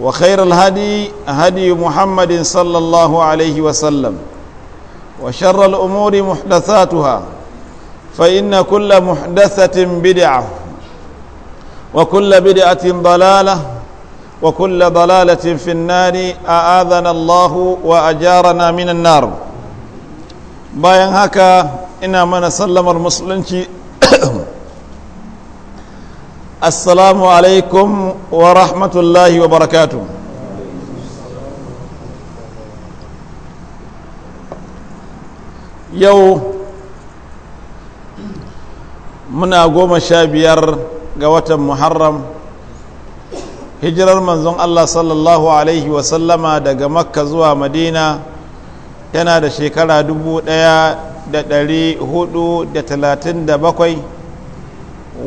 وخير الهدي هدي محمد صلى الله عليه وسلم وشر الأمور محدثاتها فإن كل محدثة بدعة وكل بدعة ضلالة وكل ضلالة في النار أآذنا الله وأجارنا من النار باين هكا إنا من سلم المسلمين assalamu alaikum wa rahmatullahi wa barakatu yau muna goma sha biyar ga watan muharram hijirar manzon allah sallallahu alaihi wasallama daga makka zuwa madina yana da shekara dubu ɗaya da ɗari hudu da talatin da bakwai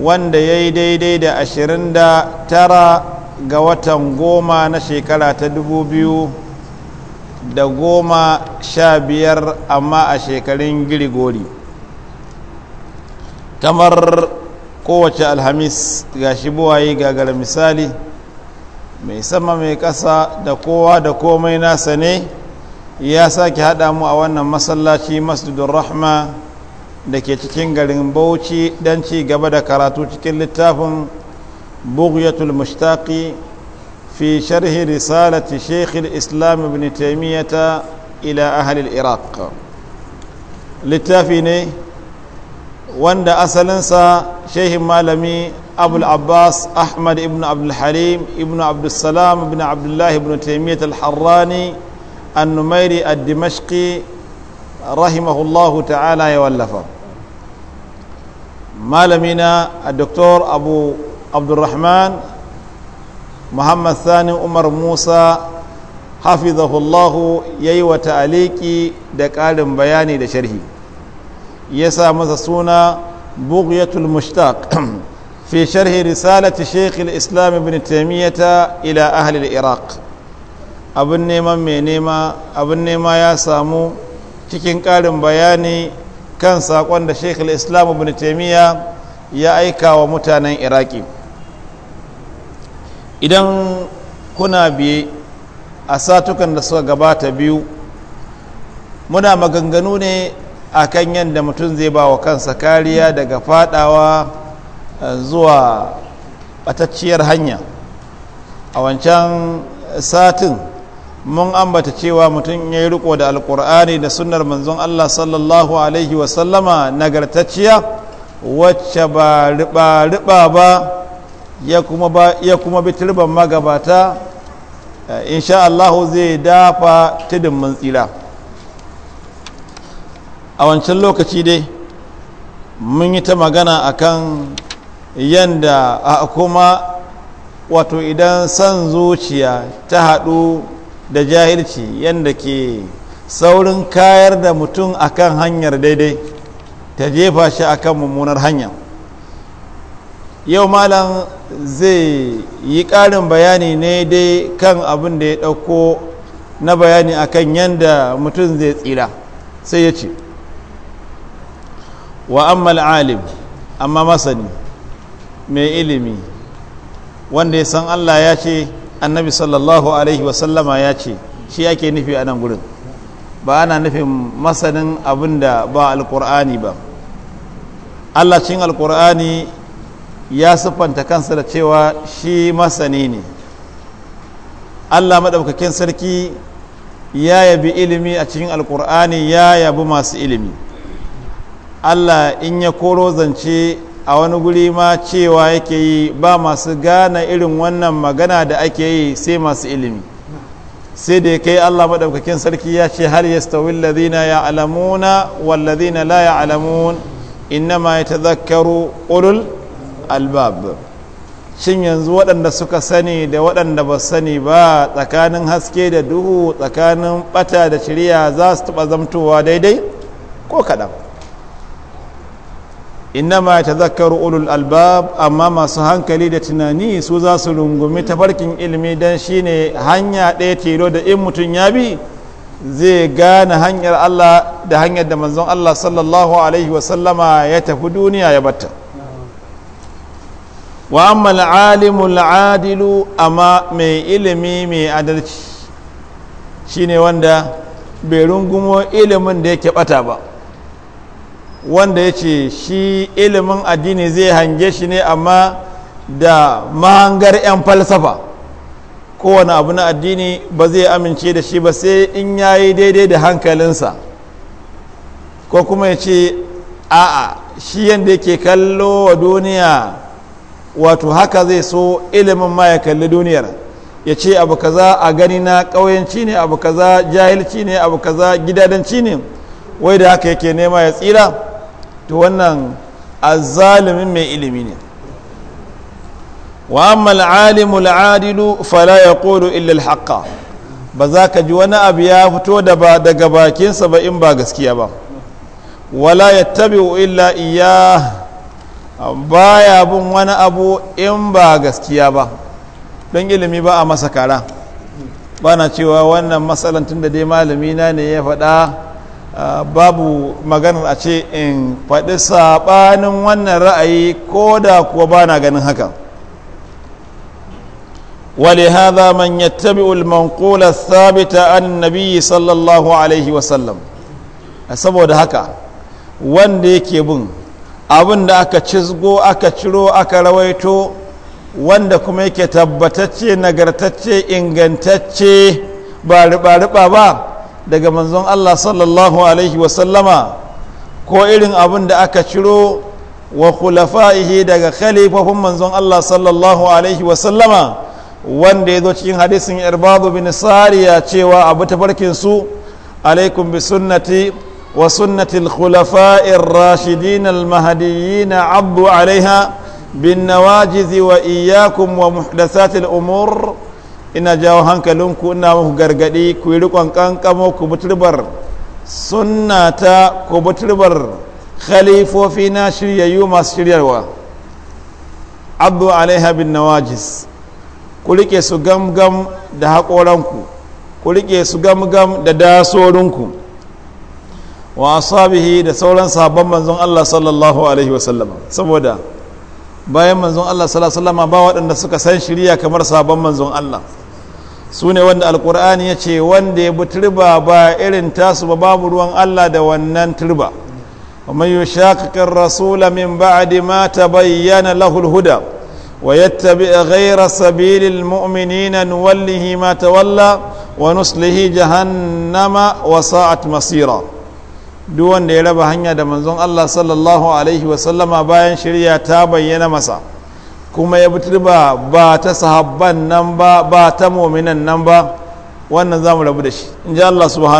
wanda ya yi daidai da ashirin da tara ga watan goma na shekara ta dubu da goma sha biyar amma a shekarun girigori kamar kowace alhamis ga shi buwaye gagara misali mai sama mai ƙasa da kowa da komai nasa ne ya sake haɗa mu a wannan masallaci masjidun rahma da ke cikin garin bauchi don ci gaba da karatu cikin littafin bugyatul mushtaqi fi sharhi risalati shekhul islam ibn taimiyata ila ahalil iraq littafi ne wanda asalinsa shehin malami abul abbas ahmad ibn abdulhalim ibn abdulsalam ibn abdullah ibn taimiyat al-harrani annumairi ad-dimashqi rahimahullahu ta'ala ya wallafa malamina a doktor abu abdulrahman muhammad sani umar musa hafizahullahu ya yi wa ta'aliki da ƙarin bayani da sharhi ya sa masa suna bughyatul mushtaq fi sharhi risalati sheikh islam ibn taimiyyata ila ahli iraq abin mai nema abin nema ya samu cikin ƙarin bayani kan saƙon da sheikh islam ibn taimiyya ya aika wa mutanen iraki idan kuna biye a satukan da suka gabata biyu muna maganganu ne a kan yadda mutum zai ba wa kansa kariya daga fadawa eh, zuwa batacciyar hanya a wancan satin mun ambata cewa mutum ya yi riko da alkur'ani da sunnar manzon Allah sallallahu alaihi wasallama nagartacciya wacce ba riba ba ya kuma bi turban magabata eh, insha Allah zai dafa tudun mun tsira a wancan lokaci dai mun yi ta magana a kan yadda a kuma wato idan san zuciya ta haɗu da jahilci yadda ke saurin kayar da mutum akan hanyar daidai ta jefa shi akan mummunar hanya yau malam zai yi ƙarin bayani ne dai kan abin da ya ɗauko na bayani akan yadda mutum zai tsira sai ya ce wa ammal alim amma masani mai ilimi wanda ya san allah ya ce annabi sallallahu alaihi wasallama ya ce shi ake nufi a nan gurin ba ana nufin masanin abin da ba alkur'ani ba allah cin alkur'ani ya siffanta kansa da cewa shi masani ne allah maɗaukakin sarki ya yabi ilimi a cikin alkur'ani ya yabi masu ilimi allah in ya koro zance a wani guri ma cewa yake yi ba masu gane irin wannan magana da ake yi sai masu ilimi sai da ya kai Allah maɗaukakin sarki ya ce har yastawil ladina ya'lamuna wal ladina la ya'lamun innama yatadhakkaru ulul albab shin yanzu waɗanda suka sani da waɗanda ba sani ba tsakanin haske da duhu tsakanin ɓata da shirya za su taɓa zamtowa daidai ko kaɗan innama ta tazakkaru ulul albab amma masu hankali da tunani su za su rungumi tafarkin ilimi dan shine hanya ɗaya tilo da in mutum ya bi zai gane hanyar Allah da hanyar da manzon Allah sallallahu alaihi wasallama ya tafi duniya ya batta wa amma al'alimul adilu amma mai ilimi mai adalci shine wanda bai rungumo ilimin da yake bata ba wanda ya ce shi ilimin addini zai hange shi ne amma da mahangar 'yan falsafa kowane abu na addini ba zai amince da shi ba sai in ya yi daidai da hankalinsa ko kuma ya ce a'a shi yadda yake kallo wa duniya wato haka zai so ilimin ma ya kalli duniyar ya ce abu kaza a gani na ƙauyenci ne abu kaza jahilci ne abu kaza gidadanci ne wai da haka yake nema ya tsira to wannan azalimin mai ilimi ne wa amma alimul adilu fala ya ƙoro illal haƙa ba za ka ji wani abu ya fito daga bakinsa ba in ba gaskiya ba wala ya tabi illa iya baya bin wani abu in ba gaskiya ba don ilimi ba a masa kara ba na cewa wannan matsalantun da dai malamina ne ya faɗa Ah, babu maganar a ce in faɗi saɓanin wannan ra'ayi ko da kuwa ba na ganin haka ولهذا ya يتبع المنقول kula sabita النبي sallallahu alaihi عليه وسلم saboda haka wanda yake bin abin da aka cizgo aka ciro aka rawaito wanda kuma yake tabbatacce nagartacce ingantacce ba riba-riba ba daga manzon Allah sallallahu alaihi wasallama ko irin abin da aka ciro wa kulafaihi daga khalifofin manzon Allah sallallahu alaihi wasallama wanda ya zo cikin hadisin irbadu bin sariya cewa abu tafarkin su alaikum bi sunnati wa sunnati al-khulafa'i ar-rashidin al-mahdiyyin bin nawajizi wa iyyakum wa muhdathatil umur ina jawo hankalinku ina muku gargadi ku yi rikon kankamo ku buturbar sunna ta ku buturbar khalifofi na shiryayyu masu shiryarwa abu alaiha bin nawajis ku rike su gamgam da haƙoranku ku rike su gamgam da dasorinku wa asabihi da sauran sabon manzon Allah sallallahu alaihi wasallam saboda bayan manzon Allah sallallahu ba waɗanda suka san shirya kamar sabon manzon Allah su ne wanda alkur'ani ya ce wanda ya bi turba ba irin tasu ba babu ruwan Allah da wannan turba ومن يشاقق الرسول من بعد ما تبين له الهدى ويتبع غير سبيل المؤمنين نوله ما تولى ونصله جهنم وساءت مصيرا duk wanda ya raba hanya da manzon Allah sallallahu alaihi wasallama bayan shirya ta bayyana masa kuma ya bitir ba ta sahabban nan ba ba ta mominan nan ba wannan zamu rabu da shi in ji Allah fa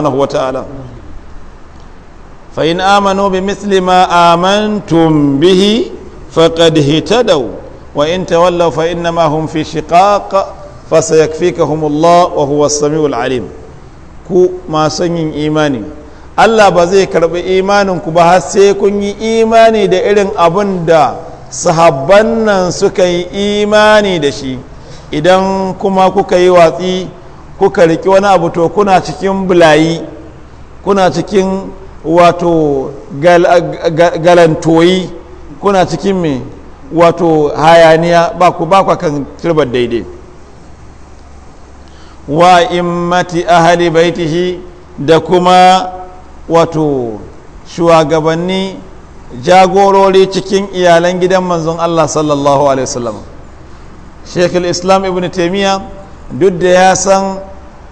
in amanu bi misli ma amantum bihi faqad hitadaw wa in tawallaw fa inna ma fi shiqaq fa sayakfikahum Allah wa huwa as-sami'ul alim ku ma sanyin imani Allah ba zai karɓi imaninku ba har sai kun yi imani da irin abin da sahabban nan suka yi imani da shi idan kuma kuka yi watsi kuka riki wani abu to kuna cikin bulayi kuna cikin wato galantoyi kuna cikin mai wato hayaniya ba ku ba kan turbar daidai wa immati ahali baitihi da kuma wato shugabanni jagorori cikin iyalan gidan manzon Allah sallallahu alaihi wasallam Sheikh islam ibn taimiyya duk da ya san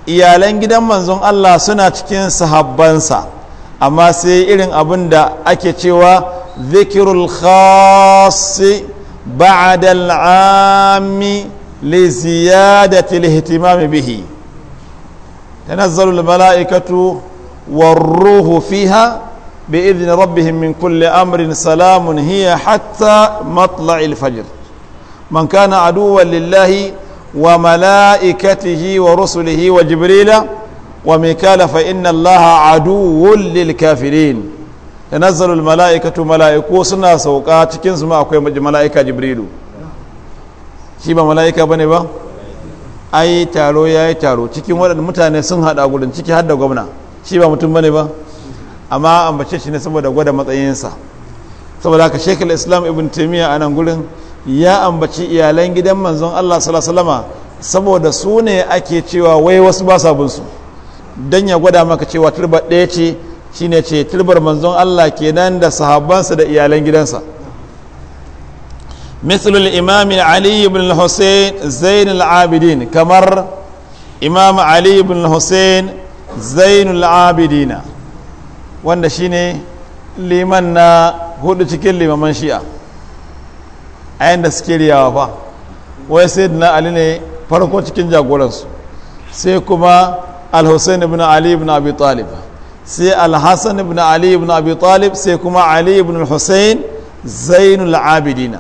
iyalan gidan manzon Allah suna cikin sahabbansa amma sai irin abin da ake cewa zikirul khasi ba'da ammi li ziyadati bihi tanazzalu malaikatu والروح فيها بإذن ربهم من كل أمر سلام هي حتى مطلع الفجر من كان عدوا لله وملائكته ورسله وجبريل وميكال فإن الله عدو للكافرين تنزل الملائكة ملائكو سنة سوقا تكين سما أكوي ملائكة جبريل شيبا ملائكة بني با أي تارو يا أي تارو تكين ولد متاني سنها دا أقول تكين هدا قبنا shi ba mutum bane ba amma ambace shi ne saboda gwada matsayinsa saboda haka shekul islam ibn taimiyya a nan gurin ya ambaci iyalan gidan manzon allah salasalama saboda su ne ake cewa wai wasu ba sabon don ya gwada maka cewa turba ɗaya ce shi ne ce turbar manzon allah kenan da sahabansa da iyalan gidansa مثل imam علي بن الحسين زين abidin kamar imam ali ibn الحسين zainul abidina wanda shine liman na hudu cikin limaman shi'a a yadda suke riyawa fa wai sai na ali ne farko cikin jagoransu sai kuma al-hussein ibn ali ibn abi talib sai al-hassan ibn ali ibn abi talib sai kuma ali ibn hussein zainul abidina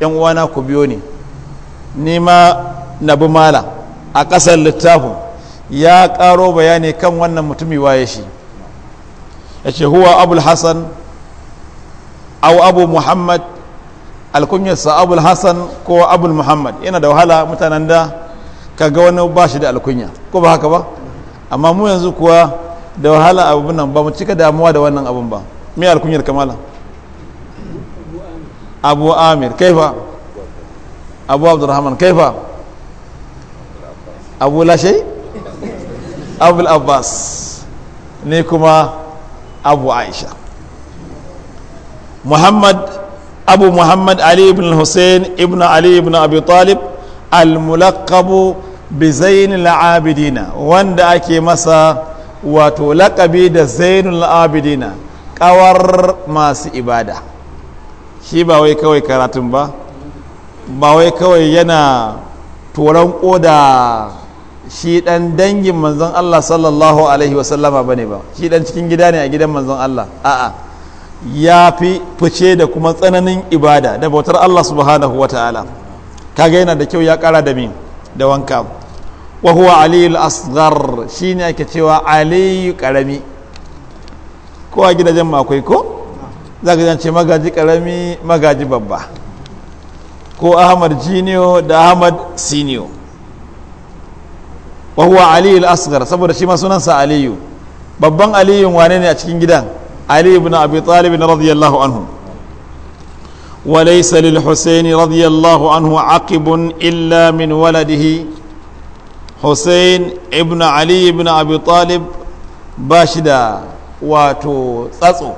yan uwana ku biyo ne nima na bi mala a ƙasar littafin ya ƙaro bayani kan wannan mutumi waye shi ya ce huwa abul hassan au abu muhammad alkunyarsa abul hassan ko abul muhammad yana da wahala mutanen da kaga wani ba shi da alkunya ko ba haka ba amma mu yanzu kuwa da wahala abubu nan ba mu cika damuwa da wannan abun ba me alkunyar kamala abu amir kaifa abu abdurrahman kaifa abu lashe. abul abbas ni kuma abu aisha muhammad abu muhammad ali ibn hussein ibn ali ibn abi talib al-mulaqabu bi zainul abidina wanda ake masa wato laƙabi da zainul abidina ƙawar masu ibada shi ba wai kawai karatun ba ba wai kawai yana turan ƙoda shi dan dangin manzon Allah sallallahu alaihi wasallama bane ba shi dan cikin gida ne a gidan manzon Allah a'a ya fi fice da kuma tsananin ibada da bautar Allah subhanahu wa ta'ala. kaga yana da kyau ya kara da min da wanka wa huwa ali asghar shine ake cewa ali karami ko a gidajen makwai ko zaka ce magaji karami magaji babba ko Ahmad junior da Ahmad senior wa huwa aliyu al-asghar saboda shi ma sunansa aliyu babban aliyu wane ne a cikin gidan ali ibn abi talib radiyallahu anhu wa laysa lil husaini radiyallahu anhu aqibun illa min waladihi husain ibn ali ibn abi talib ba shi da wato tsatso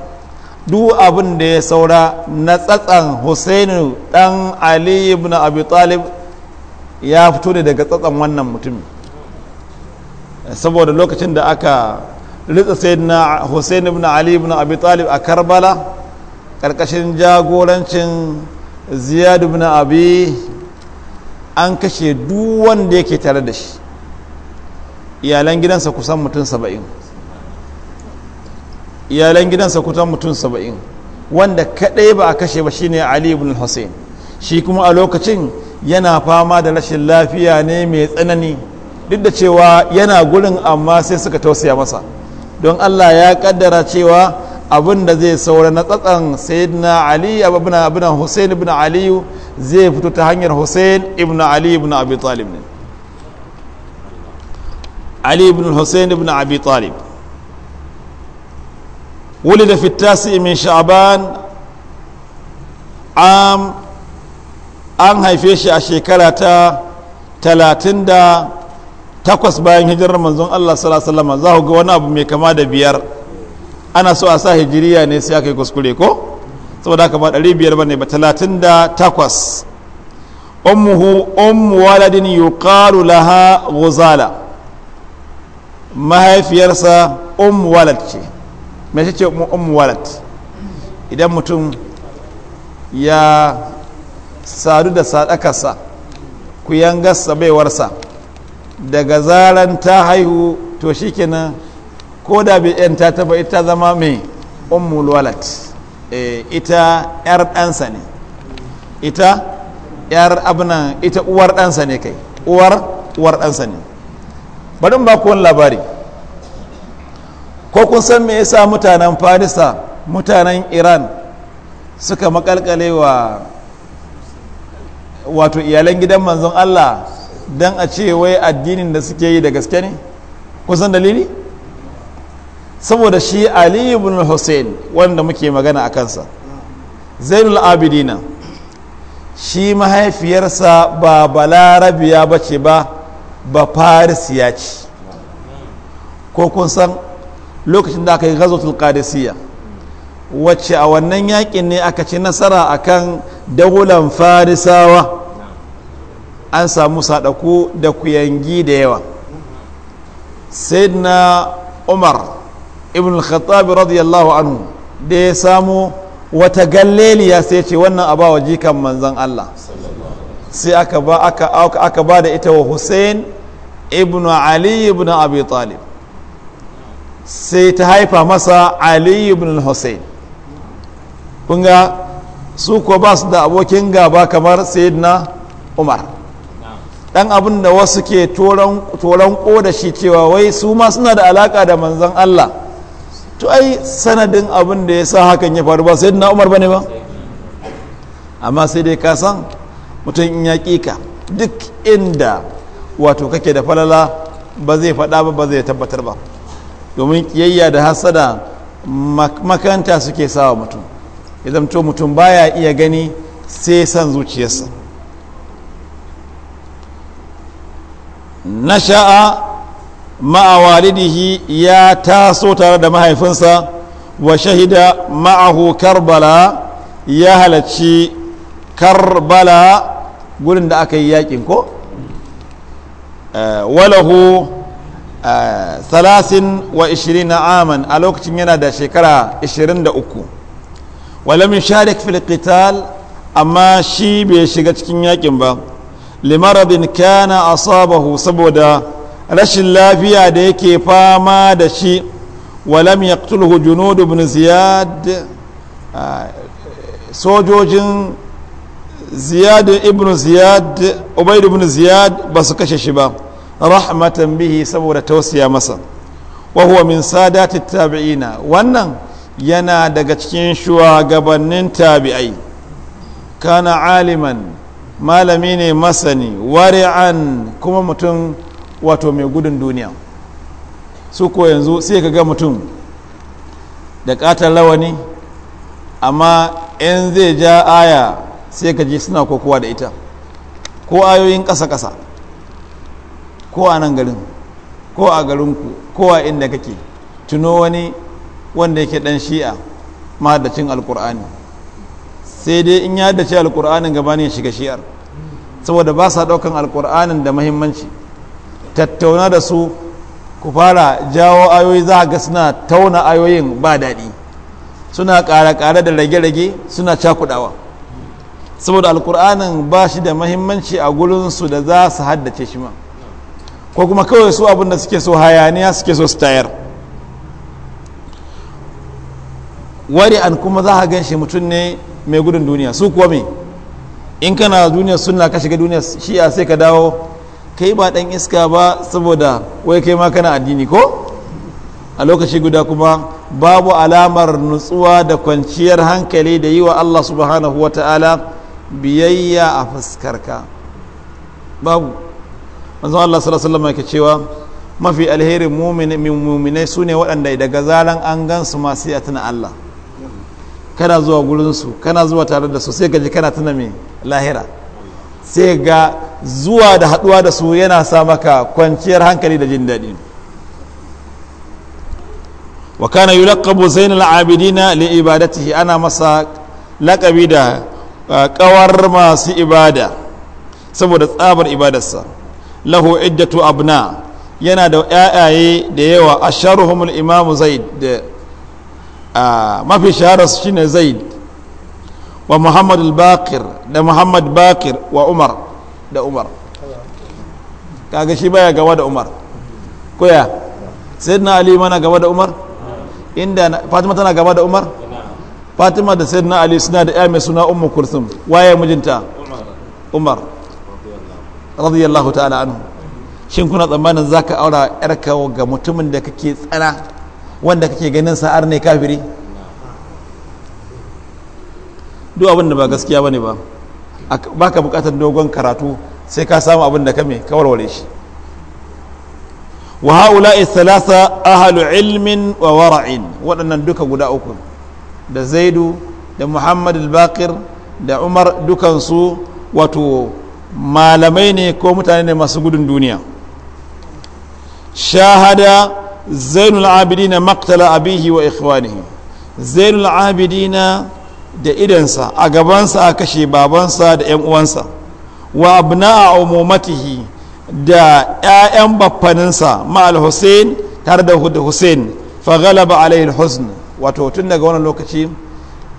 duk abin da ya saura na tsatsan husainu dan ali ibn abi talib ya fito ne daga tsatsan wannan mutumin saboda lokacin da aka ritsa sayyidina Hussein ibn Ali ibn Abi Talib a Karbala karkashin jagorancin Ziyad ibn Abi an kashe duwan wanda yake tare da shi iyalan gidansa kusan mutum saba'in iyalan gidansa kusan mutum saba'in wanda kaɗai ba a kashe ba shine Ali ibn Hussein shi kuma a lokacin yana fama da rashin lafiya ne mai tsanani duk da cewa yana gurin amma sai suka tausaya masa don Allah ya kaddara cewa abin da zai saura na tsatsan sayyidina ali abin hussein ibn ali zai fito ta hanyar hussein ibn ali ibn abi talib ne ali ibn hussein ibn abi talib min sha'ban an haife shi a shekara ta talatin da takwas bayan hijirar manzon Allah sallallahu alaihi za ku ga wani abu mai kama da biyar ana so a sa hijiriya ne sai aka yi kuskure ko saboda haka ba ɗari biyar bane ba talatin da takwas ummuhu ummu waladin yuqalu laha ghuzala mahaifiyarsa ummu walad ce me ce ummu walad idan mutum ya sadu da sadakarsa ku yangarsa baiwarsa daga zaran ta haihu to shikenan ko da bi yan ta taba ita zama mai ummul walad eh, ita yar ɗansa ne ita yar abinan ita uwar ɗansa ne kai uwar uwar ɗansa ne barin ba ku labari ko kun san me yasa mutanen farisa mutanen iran suka makalkale wa wato iyalan gidan manzon allah don a ce wai addinin da suke yi da gaske ne kusan dalili saboda shi ali ibn hussein wanda muke magana a kansa zainul abidina shi mahaifiyarsa ba balarabiya ba ce ba ba farisiya ce ko kun san lokacin da aka yi gazotul qadisiyya wacce a wannan yakin ne aka ci nasara akan daular farisawa an samu sadaku da kuyangi da yawa sayyidina umar ibn al radiyallahu anhu da ya samu wata galleliya sai ce wannan a bawa jikan manzan Allah sai aka ba da ita wa Hussein ibn Ali ibn Abi Talib sai ta haifa masa Ali ibn Hussein kun su ko ba su da abokin gaba kamar sayyidina Umar dan abin da wasu ke toron ko da shi cewa wai su ma suna da alaka da manzan Allah to ai sanadin abin da ya sa hakan ya faru ba sai na umar bane ba amma sai dai ka san mutum in ya ka duk inda wato kake da falala ba zai faɗa ba ba zai tabbatar ba domin kiyayya da hasada makanta suke sawa mutum idan to mutum baya iya gani sai san zuciyarsa nasha'a ma'a walidihi ya taso tare da mahaifinsa wa shahida ma'ahu karbala ya halarci karbala gudun da aka yi yakin ko eh, walahu eh, salasin wa ishirin na aman a lokacin yana da shekara ishirin da uku walamin sharik filikital amma shi bai shiga cikin yakin ba limaradin kana asabahu saboda rashin lafiya da yake fama da shi walam yaqtulhu junudu ibn ziyad sojojin ziyad ibn ziyad ubayd ibn ziyad ba su kashe shi ba rahmatan bihi saboda tausiya masa wa huwa min sadati tabi'ina wannan yana daga cikin shugabannin tabi'ai kana aliman malami ne masani wari'an kuma mutum wato mai gudun duniya su ko yanzu sai ka ga mutum da katar lawani amma yan zai ja aya sai ka ji suna kokowa da ita ko ayoyin ƙasa-ƙasa ko a nan garin ko a garinku ko a inda kake tuno wani wanda yake dan shi'a mahaddacin alkur'ani sai dai in ya dace alkur'anin gaba ya shiga shi'ar saboda ba sa daukan alkur'anin da mahimmanci tattauna da su ku fara jawo ayoyi za ga suna tauna ayoyin ba daɗi suna ƙare-ƙare da rage-rage suna cakudawa saboda alkur'anin ba shi da mahimmanci a gurinsu da za su haddace shi ma ko kuma kawai su abin da suke so hayaniya suke so su tayar wari an kuma za a gan shi mutum ne mai gudun duniya su kuwa me in kana duniya sunna ka shiga shi shi'a sai ka dawo kai ba dan iska ba saboda wai kai ma kana addini ko a lokaci guda kuma babu alamar nutsuwa da kwanciyar hankali da yi wa Allah subhanahu wa ta'ala biyayya a fuskarka babu manzon Allah sallallahu alaihi wasallam cewa mafi alherin mu'minai sune waɗanda daga zalan an su masu yatin Allah kana zuwa gurinsu kana zuwa tare da su sai gaji kana tuna mai lahira sai ga zuwa da haduwa da su yana sa maka kwanciyar hankali da jin daɗi wa kana yulaqabu zainal abidina li ibadatihi ana masa laƙabi da ƙawar masu ibada saboda tsabar ibadarsa lahu iddatu abna yana da 'ya'yaye da yawa a asharuhumul imamu zaid Ah, mafi shahararsu shine zaid wa muhammad bakir da muhammad bakir wa umar da umar kaga shi baya gaba da umar koya sayyidina ali mana gaba da umar inda fatima tana gaba da umar fatima da sayyidina ali suna da ya mai suna ummu kursum waye mijinta umar radiyallahu ta'ala anhu shin kuna tsammanin zaka aura yarka ga mutumin da kake tsana wanda kake ganin sa'ar ne kafiri duk abin da ba gaskiya bane ba baka bukatar dogon karatu sai ka samu abinda da kame ka warware shi wa haula'i thalatha ahlu ilmin wa wara'in waɗannan duka guda uku da zaidu da muhammad al da umar dukansu wato malamai ne ko mutane ne masu gudun duniya shahada zainul abidina maktala abihi wa ikhwanihi zainul abidina da idansa a gabansa a kashe babansa da yan uwansa wa abna a umumatihi da 'ya'yan baffaninsa ma'al hussein tare da hussein fa galaba alaihi husn wato tun daga wannan lokaci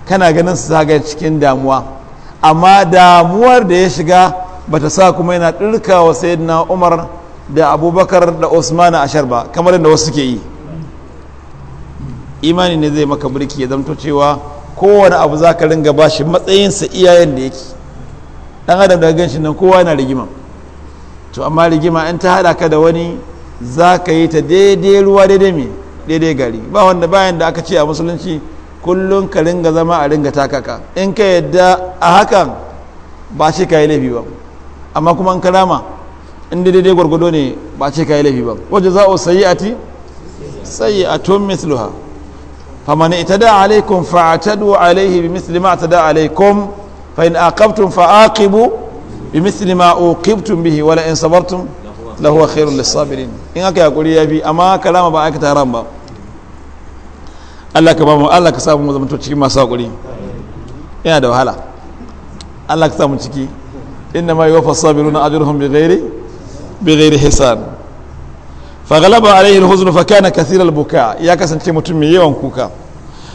kana ganin su zaga cikin damuwa amma damuwar da ya shiga bata sa kuma yana ɗirka wa sayyidina umar da abubakar da usman ashar ba kamar da wasu ke yi imani ne zai maka birki ya zamto cewa kowane abu za ka ringa ba shi matsayinsa iyayen da yake dan adam da gan shi nan kowa yana rigima to amma rigima in ta haɗa ka da wani za ka yi ta daidai ruwa daidai mai daidai gari ba wanda bayan da aka ce a musulunci kullum ka ringa zama a ringa takaka in ka yadda a hakan ba shi ka yi laifi ba amma kuma an karama in daidai gwargwado ne ba ce ka yi laifi ba wajen za'o sayi'ati sayi'atun misluha da itada alaikum fa'atadu alaihi bi misli ma atada alaikum fa in aqabtum fa aqibu bi misli ma uqibtum bihi wala in sabartum la huwa khairul lisabirin in aka yakuri yafi amma kalama ba aikata taron ba Allah ka ba mu Allah ka samu mu cikin masu hakuri yana da wahala Allah ka samu ciki inna ma yuwaffa sabiruna ajruhum bighairi bɛgɛri hisan fa galaba ale yi huzunu fa kana kathira buka ya kasance mutum mai yawan kuka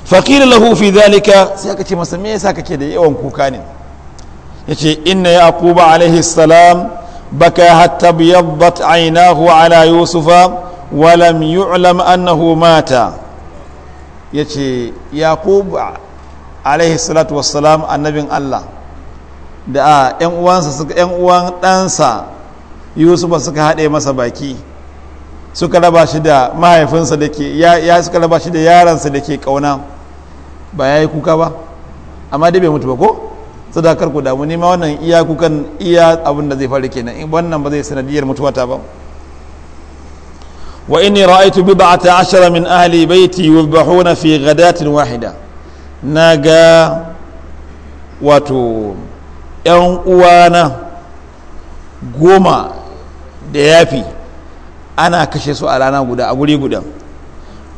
fa kila lahu fi dalika sai aka ce masa me yasa ka ke da yawan kuka ne yace ce in na ya kuba alayhi salam ba ka aina ko ala yusufa wala mi yi ulam an na mata ya ce ya kuba alayhi salatu annabin allah da a yan uwansa ɗansa yusufa suka haɗe masa baki suka raba shi da mahaifinsa da ke ya suka raba shi da yaransa da ke ƙauna ba ya yi kuka ba amma dai bai mutu ba ko sadakar ku damu nima wannan iya kukan iya abin da zai faru kenan in wannan ba zai sanadiyar mutuwa ta ba wa inni ra'aytu bid'ata ashara min ahli baiti yuzbahuna fi ghadatin wahida naga wato yan uwana goma da yafi ana kashe su a rana guda a guri guda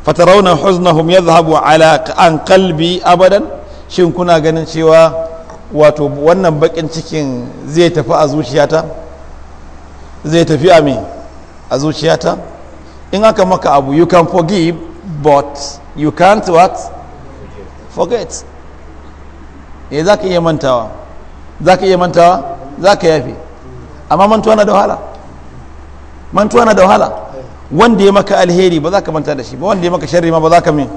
fatarauna huznahum yadhhabu ala an qalbi abadan shin kuna ganin cewa wato wannan bakin cikin zai tafi a zuciyata zai tafi a me a zuciyata in aka maka abu you can forgive but you can't what forget ya eh, za ka iya mantawa za ka iya mantawa zaka ka amma mantuwa na da wahala mantuwa na da wahala wanda ya maka alheri ba za ka manta da shi ba wanda ya maka sharri ma ba za ka min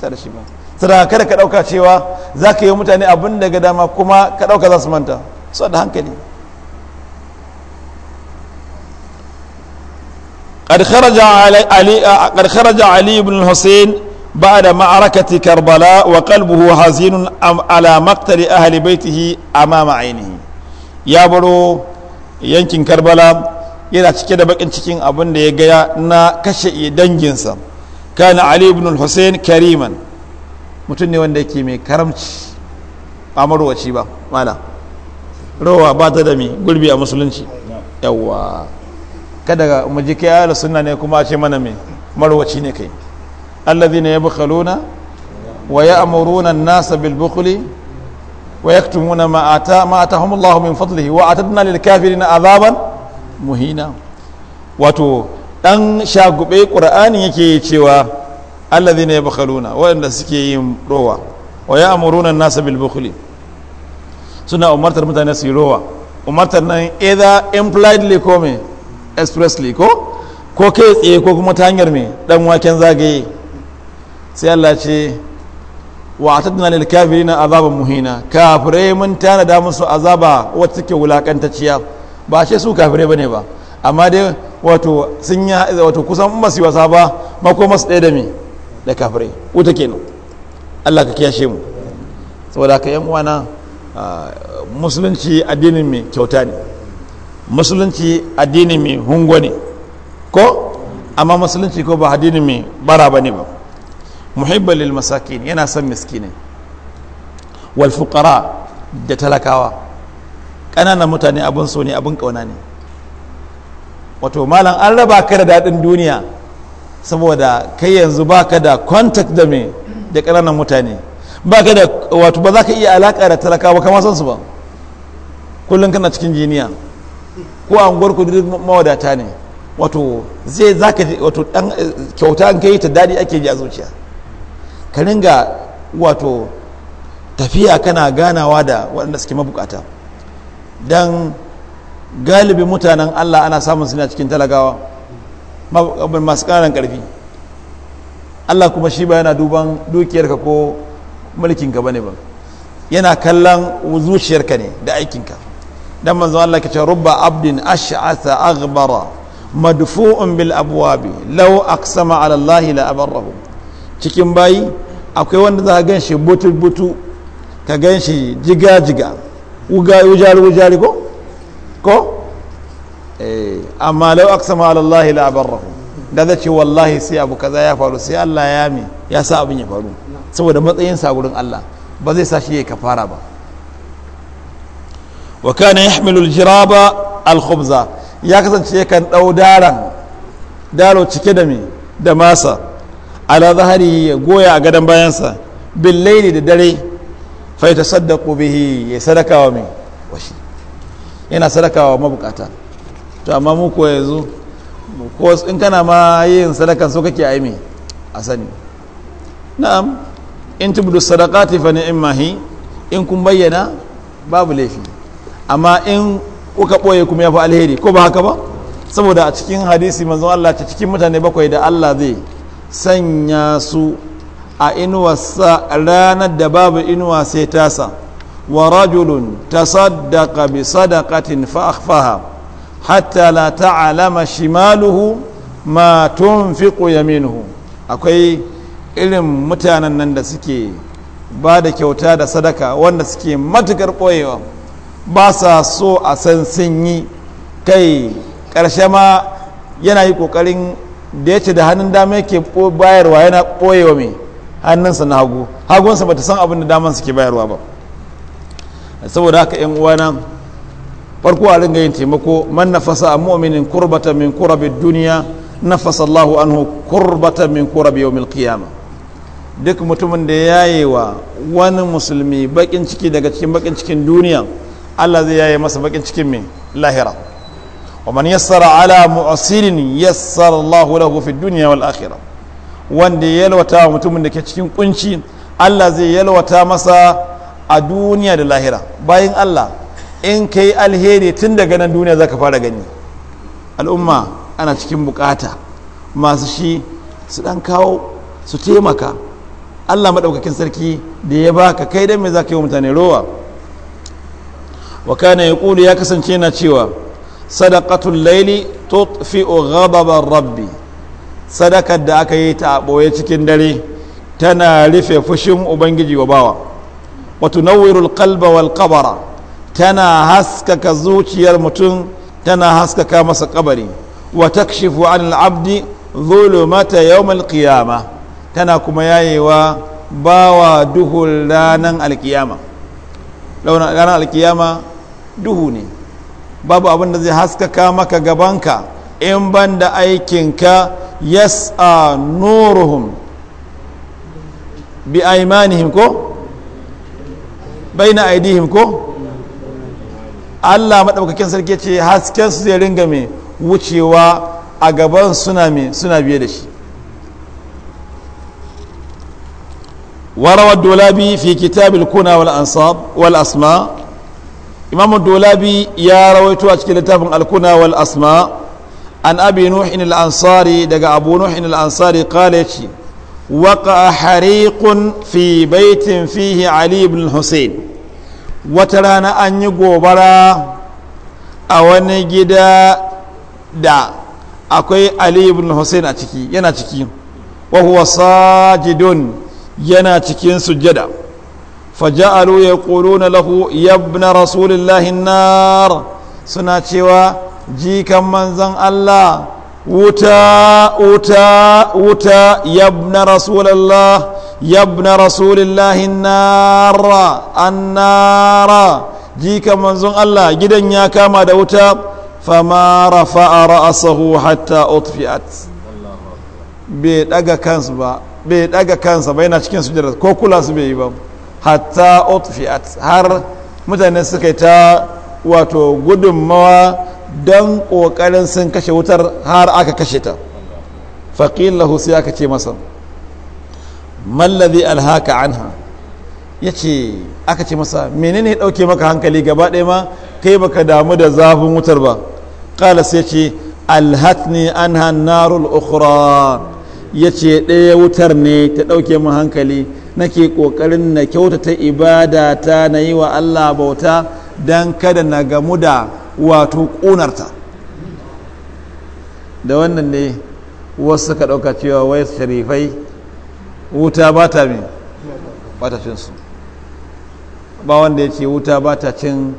ta da shi ba tsara kada ka dauka cewa za ka yi mutane abin daga dama kuma ka dauka za su manta su da hankali قد خرج علي, علي قد خرج علي بن الحسين بعد معركة كربلاء وقلبه حزين على مقتل أهل بيته أمام عينه يا برو ينكن كربلاء yana cike da bakin cikin abin da ya gaya na kashe danginsa kana ali ibn hussein kariman mutum ne wanda yake mai karamci ba marwaci ba mana rawa ba ta da mi gurbi a musulunci yawa kada mu ji kai ala sunna ne kuma ce mana mai. marwaci ne kai alladhina yabkhaluna wa ya amuruna nasa bil bukhli wa yaktumuna ma ata ma atahum min fadlihi wa atadna lil na azaban muhina wato dan shagube qur'ani yake cewa alladhina yabkhaluna waɗanda suke yin rowa wa ya'muruna an-nasa bil suna umartar mutane su yi rowa umartar nan either impliedly ko me expressly ko ko kai tsaye ko kuma ta hanyar me dan waken zagaye sai Allah ce wa atadna lil kafirina azaban muhina kafirai mun tanada musu azaba wacce take wulakantaciya ba ce su ba ne ba amma dai wato sun ya wato kusan masu wasa ba mako masu ɗaya da mi da kafire wuta nan Allah ka kiyashe mu saboda ka yan wana musulunci addinin mai kyauta ne musulunci addinin mai hungo ne ko amma musulunci ko ba addinin mai bara bane ba muhibbalil masakin yana son miskinai wal fuqara da talakawa ƙananan mutane abin so ne abin ƙauna ne wato malam an raba ka da daɗin duniya saboda kai yanzu ba ka da contact da me da ƙananan mutane ba ka da wato ba za ka iya alaƙa da talakawa kama sansu su ba kullum kana cikin jiniya ko an gwarku duk mawadata ne wato zai za ka wato ɗan eh, kyauta an kai ta daɗi ake ji a zuciya ka ringa wato tafiya kana ganawa da waɗanda suke mabukata don galibi mutanen allah ana samun suna cikin talagawa masu ƙarin ƙarfi allah kuma shi ba yana duban dukiyarka ko mulkinka ba ne ba yana kallon zuciyarka ne da aikinka dan manzon Allah kace rubba abdin ash'atha aghbara madfu'un bil abwabi lau aqsama ala Allah la abarrahu cikin bayi akwai wanda za ka ganshi butu butu ka ganshi jiga jiga wujari wujari ko ko eh, amma lau aksama alallahi la'abarrahu da zai ce wallahi sai abu kaza ya faru sai Allah ya mi ya sa abin ya faru saboda matsayin sa gurin Allah ba zai sa shi ya kafara ba wa kana yahmilu aljiraba alkhubza ya kasance yakan dau daran daro cike da me da masa ala zahari ya goya a gadon bayansa bil laili da dare fa yatasaddaqu bihi ya sadaka wa mai washi yana sadaka wa mabukata to amma mu ko yanzu ko in kana ma yin sadakan so kake ai me a sani na'am in tubdu sadaqati fa ni'ma hi in kun bayyana babu laifi amma in kuka ɓoye kuma ya fi alheri ko ba haka ba saboda a cikin hadisi manzon Allah ta cikin mutane bakwai da Allah zai sanya su a inuwarsa ranar da babu inuwa sai tasa wa rajulun tasaddaqa bi sadakatin fa'afaha hatta la ta'lama shimaluhu ma tunfiqu yaminuhu akwai irin mutanen nan da suke ba da kyauta da sadaka wanda suke matukar ɓoyewa ba sa so a san sun yi kai ƙarshe ma yana yi ƙoƙarin da ya ce da hannun dama yake bayarwa yana ɓoyewa mai hannunsa na hagu hagunsa bata san abin da daman suke bayarwa ba saboda haka yan uwana farko a ringa yin taimako man nafasa a mu'minin kurbata min kurabi duniya nafasa Allahu anhu kurbata min kurabi yawmil qiyamah duk mutumin da ya yaye wa wani musulmi bakin ciki daga cikin bakin cikin duniya Allah zai yaye masa bakin cikin mai lahira wa man yassara ala mu'asirin yassara Allahu lahu fid dunya wal akhirah wanda ya yalwata wa mutumin da ke cikin kunci Allah zai yalwata masa a duniya da lahira bayan Allah in ka yi alheri tun daga nan duniya za ka fara gani al'umma ana cikin bukata masu shi su dan kawo su taimaka Allah maɗaukakin sarki da ya baka kai da mai za ka yi wa mutane rowa wa kana ya ya kasance yana cewa sadaqatul laili tutfi'u rababar rabbi sadakar da aka yi ta a ɓoye cikin dare tana rufe fushin ubangiji wa bawa wato nawirul kalba wal kabara tana haskaka zuciyar mutum tana haskaka masa kabari wa takshifu an al'abdi zulumata yawmal qiyama tana kuma yayewa bawa duhun ranar alkiyama ranar alkiyama duhu ne babu abin da zai haskaka maka gabanka in ban da ka. yes yas'a nuruhum bi aimanihim ko baina aidihim ko Allah maɗaukakin sarki ce hasken su zai ringa mai wucewa a gaban suna mai biye da shi warawar dolabi fi kitabil kuna wal ansab wal asma imamu dolabi ya rawaitu a cikin littafin alkuna wal asma' an abi nuhin al daga abu nuhin al-ansari kala ce waka hariqun fi baitin fihi ali ibn hussein wata rana an yi gobara a wani gida da akwai ali ibn hussein a ciki yana ciki wa sajidun yana cikin sujjada faja'alu na lahu ya ibn nar suna cewa jikan manzan Allah wuta wuta wuta yabna rasulallah yabna rasulillahi nara annara jikan manzon Allah gidan ya kama da wuta fama rafa'a ra'asahu hatta utfiat bai daga kansu ba bai daga kansa ba yana cikin sujada ko kula su bai yi ba hatta utfiat har mutane suka ta wato gudunmawa don ƙoƙarin sun kashe wutar har aka kashe ta faƙin lahu aka ce masa mallazi alhaka anha ya ce aka ce masa menene ya ɗauke maka hankali gaba ɗaya ma kai baka damu da zafin wutar ba ƙala sai ce alhatni anha narul ukhra ya ce ɗaya wutar ne ta ɗauke min hankali nake ƙoƙarin na kyautata ibada ta na yi wa allah bauta don kada na gamu da wato ƙunarta da wannan ne wasu suka ɗauka cewa wai sharifai wuta ba ta min ba ta cinsu ba wanda ya ce wuta ba ta cin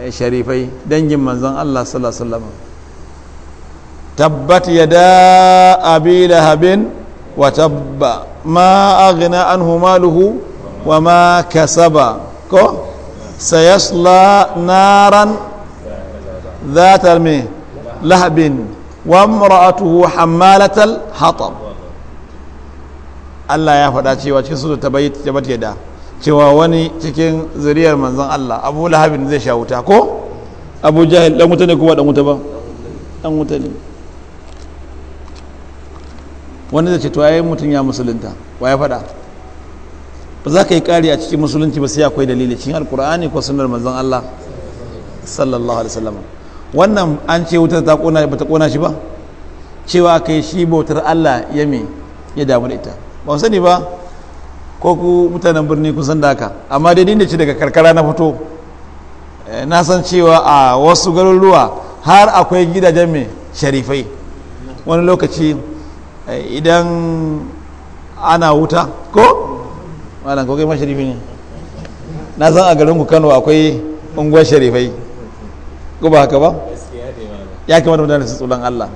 eh, sharifai dangin manzan Allah sallallahu tabbat da abi lahabin wa tabba ma aghna anhu maluhu wa ma kasaba ko sayasla naran ذات لهب وامرأته حمالة الحطب Allah ya faɗa cewa cikin su ta bai tabbat yada cewa wani cikin zuriyar manzon Allah Abu Lahabin zai sha wuta ko Abu Jahil dan wuta ne kuma dan wuta ba dan wuta ne wani zai ce to yayin mutum ya musulunta wa ya faɗa ba za ka yi ƙari a cikin musulunci ba sai akwai dalili cikin alkur'ani ko sunnar manzon Allah sallallahu alaihi wasallam wannan an ce wutar ta kona ba ta kona shi ba cewa kai shi bautar Allah ya me ya damu da ita ba sani ba ko ku mutanen birni kun san da haka amma dai da ce daga karkara na fito eh, na san cewa a wasu garuruwa har akwai gidajen mai sharifai wani lokaci eh, idan ana wuta ko malam ko kai ma sharifi ne na san a garin ku Kano akwai unguwar sharifai ko ba haka ba ya kamata mutane su tsoron Allah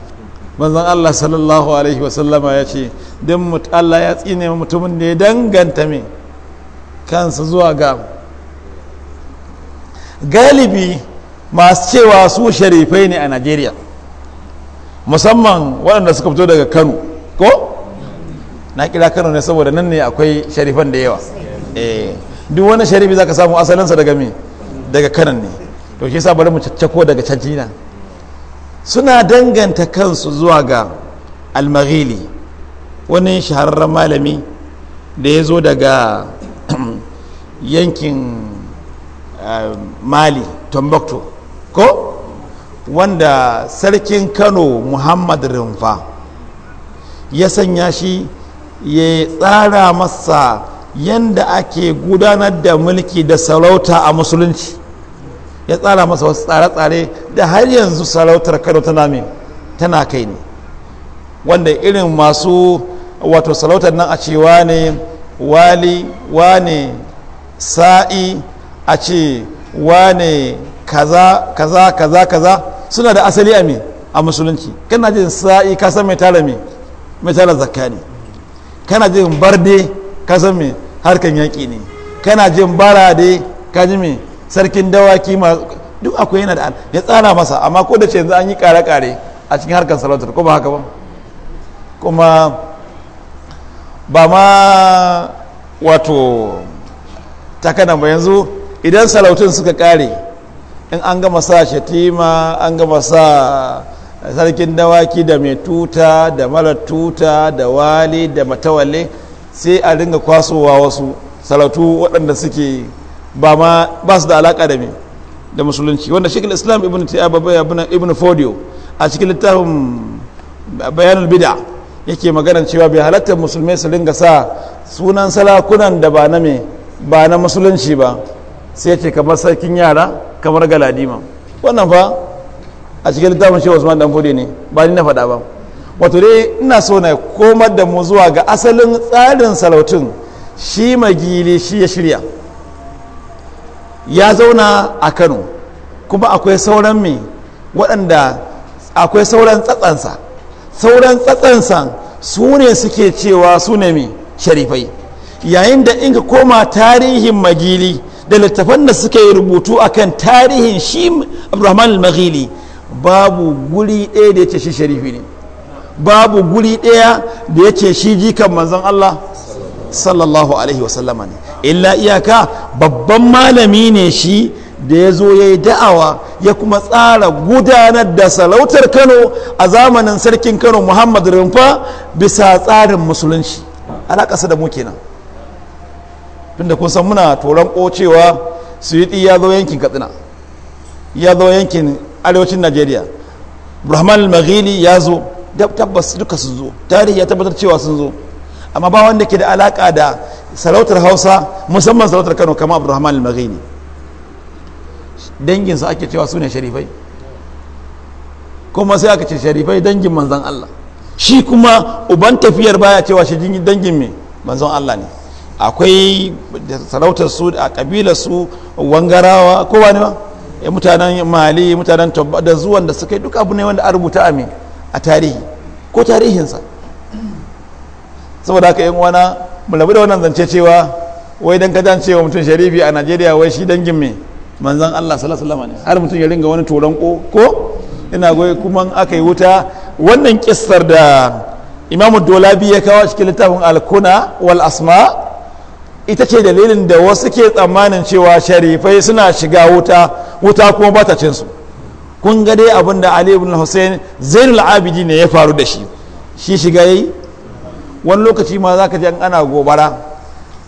manzon Allah sallallahu alaihi wa sallama ya ce dan Allah ya tsine mutumin da ya danganta me kansa zuwa ga galibi masu cewa su sharifai ne a Najeriya musamman waɗanda suka fito daga Kano ko na kira Kano ne saboda nan ne akwai sharifan da yawa eh duk wani sharifi zaka samu asalinsa daga me daga Kano ne to shi sa bari mu caccako daga can suna danganta kansu zuwa ga almaghili wani shahararren malami da ya zo daga yankin eh, mali tombakto ko wanda sarkin kano muhammad rumfa ya sanya shi ya tsara masa yadda ake gudanar da mulki da sarauta a musulunci ya tsara masa wasu tsare-tsare da har yanzu sarautar kano tana mai tana kai ne wanda irin masu wato sarautar nan a cewa ne wali wane sa'i a ce wane kaza kaza kaza kaza suna da asali a mai a musulunci kana jin sa'i ka san mai tara mai mai tara zakka ne kana jin barde ka san mai harkan yaƙi ne kana jin barade ka ji mai. sarkin dawaki ma duk akwai yana da ya tsara masa amma ko da ce yanzu an yi kare-kare a cikin harkar salautar ko ba haka ba kuma ba ma wato takana ba yanzu idan salautun suka kare in an gama sa shatima an gama sa sarkin dawaki da mai tuta da mara tuta da wali da matawalle sai a ringa kwasowa wasu salatu waɗanda suke ba ma ba su da alaka da me da musulunci wanda shekul islam ibn ibn fodio a cikin littafin bayanul bid'a yake maganar cewa bai halatta musulmai su dinga sa sunan salakunan da ba na ba na musulunci ba sai ce kamar sarkin yara kamar galadima wannan fa a cikin littafin shehu usman dan fode ne ba ni na faɗa ba wato dai ina so na komar da mu zuwa ga asalin tsarin salautun shi magili shi ya shirya ya zauna a kano kuma akwai sauran mai waɗanda akwai sauran tsatsansa sauran tsatsansa su ne suke cewa su ne mai sharifai yayin da in ka koma tarihin magili da littafan da suka yi rubutu akan tarihin shi abdurrahman magili babu guri ɗaya da ya ce shi sharifi ne babu guri ɗaya da ya ce shi jikan manzon allah sallallahu alaihi wasallama ne illa iyaka babban malami ne shi da ya zo ya yi da'awa ya kuma tsara gudanar da salautar kano a zamanin sarkin kano muhammad rumfa bisa tsarin musulunci ana ƙasa da mu kenan tunda kun san muna toron kocewa suyuti ya zo yankin katsina ya zo yankin arewacin najeriya rahman al ya zo tabbas duka sun zo tarihi ya tabbatar cewa sun zo amma ba wanda ke da alaka da sarautar hausa musamman sarautar kano kama abdurrahman al-maghini danginsa ake cewa su ne sharifai kuma sai aka ce sharifai dangin manzan allah shi kuma uban tafiyar baya cewa shi dangin mai manzon allah ne akwai sarautar su a kabilar su wangarawa kowa ne ba ya eh, mutanen mali mutanen da zuwan da suka yi duk abu ne wanda a rubuta a a tarihi ko tarihinsa saboda haka yan uwana mu da wannan zance cewa wai dan ka cewa mutum sharifi a Najeriya wai shi dangin me manzon Allah sallallahu alaihi wasallam har mutum ya ringa wani turan ko ko ina goyi kuma aka yi wuta wannan kissar da Imam biyu ya kawo cikin littafin Al-Kuna wal Asma ita ce dalilin da wasu ke tsammanin cewa sharifai suna shiga wuta wuta kuma ba ta kun ga dai abin da Ali ibn Hussein Abidi ne ya faru da shi shi shiga yayi wani lokaci ma za ka ji ana gobara